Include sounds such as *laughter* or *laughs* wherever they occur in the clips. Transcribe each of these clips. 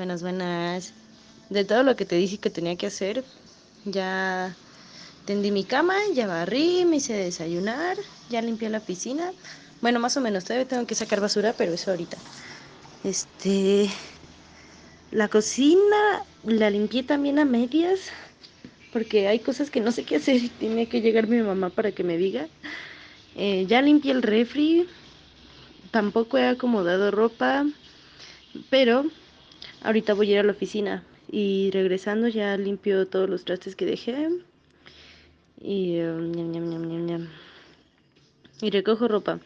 buenas, buenas. De todo lo que te dije que tenía que hacer, ya tendí mi cama, ya barrí, me hice desayunar, ya limpié la piscina. Bueno, más o menos, todavía tengo que sacar basura, pero eso ahorita. Este. La cocina la limpié también a medias, porque hay cosas que no sé qué hacer y tiene que llegar mi mamá para que me diga. Eh, ya limpié el refri, tampoco he acomodado ropa, pero Ahorita voy a ir a la oficina y regresando ya limpio todos los trastes que dejé. Y, em, y recojo ropa.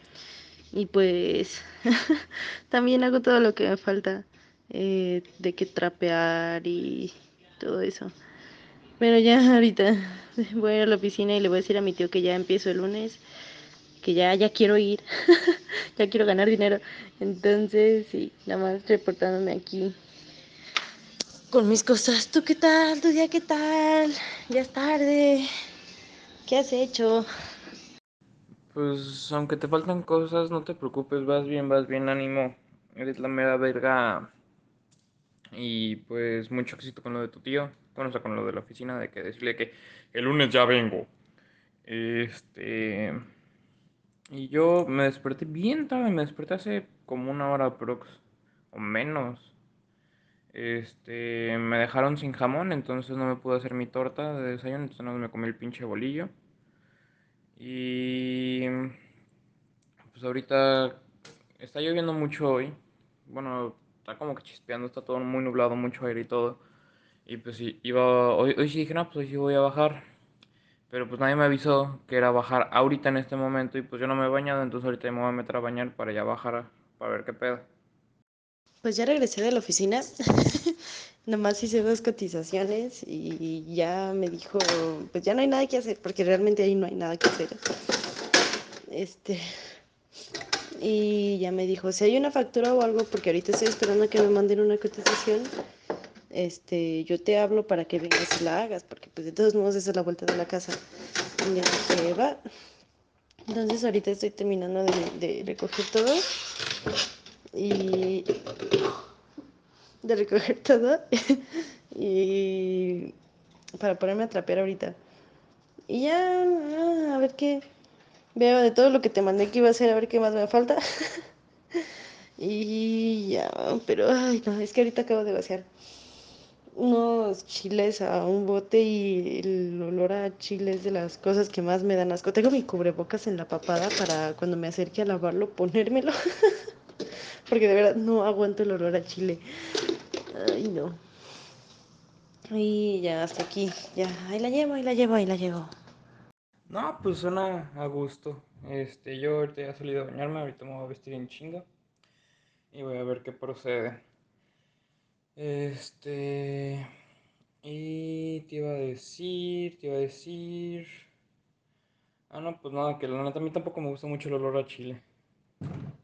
Y pues *laughs* también hago todo lo que me falta eh, de que trapear y todo eso. Pero ya *laughs* ahorita *laughs* voy a ir a la oficina y le voy a decir a mi tío que ya empiezo el lunes, que ya, ya quiero ir, ya quiero ganar dinero. Entonces, sí, nada más reportándome aquí con mis cosas. ¿Tú qué tal? ¿Tu día qué tal? Ya es tarde. ¿Qué has hecho? Pues aunque te faltan cosas, no te preocupes, vas bien, vas bien, ánimo. Eres la mera verga. Y pues mucho éxito con lo de tu tío. Bueno, con lo de la oficina, de que decirle que el lunes ya vengo. Este. Y yo me desperté bien tarde, me desperté hace como una hora prox. O menos. Este, me dejaron sin jamón, entonces no me pude hacer mi torta de desayuno, entonces no me comí el pinche bolillo. Y pues ahorita está lloviendo mucho hoy. Bueno, está como que chispeando, está todo muy nublado, mucho aire y todo. Y pues iba, hoy, hoy sí dije, no, pues hoy sí voy a bajar. Pero pues nadie me avisó que era bajar ahorita en este momento y pues yo no me he bañado, entonces ahorita me voy a meter a bañar para ya bajar, para ver qué pedo. Pues ya regresé de la oficina, *laughs* nomás hice dos cotizaciones y ya me dijo, pues ya no hay nada que hacer, porque realmente ahí no hay nada que hacer. Este, y ya me dijo, si hay una factura o algo, porque ahorita estoy esperando a que me manden una cotización, este, yo te hablo para que vengas y la hagas, porque pues de todos modos esa es la vuelta de la casa. Y ya va. Entonces ahorita estoy terminando de, recoger todo y de recoger todo *laughs* y para ponerme a trapear ahorita. Y ya, a ver qué. Veo de todo lo que te mandé que iba a hacer, a ver qué más me falta. *laughs* y ya, pero ay, no, es que ahorita acabo de vaciar unos chiles a un bote y el olor a chiles de las cosas que más me dan asco. Tengo mi cubrebocas en la papada para cuando me acerque a lavarlo ponérmelo. *laughs* Porque de verdad no aguanto el olor a chile. Ay, no. Y ya hasta aquí, ya, ahí la llevo, ahí la llevo, ahí la llevo. No, pues suena a gusto. Este, yo ahorita ya he salido a bañarme, ahorita me voy a vestir en chinga. Y voy a ver qué procede. Este. Y te iba a decir, te iba a decir. Ah, no, pues nada, que la neta a mí tampoco me gusta mucho el olor a chile.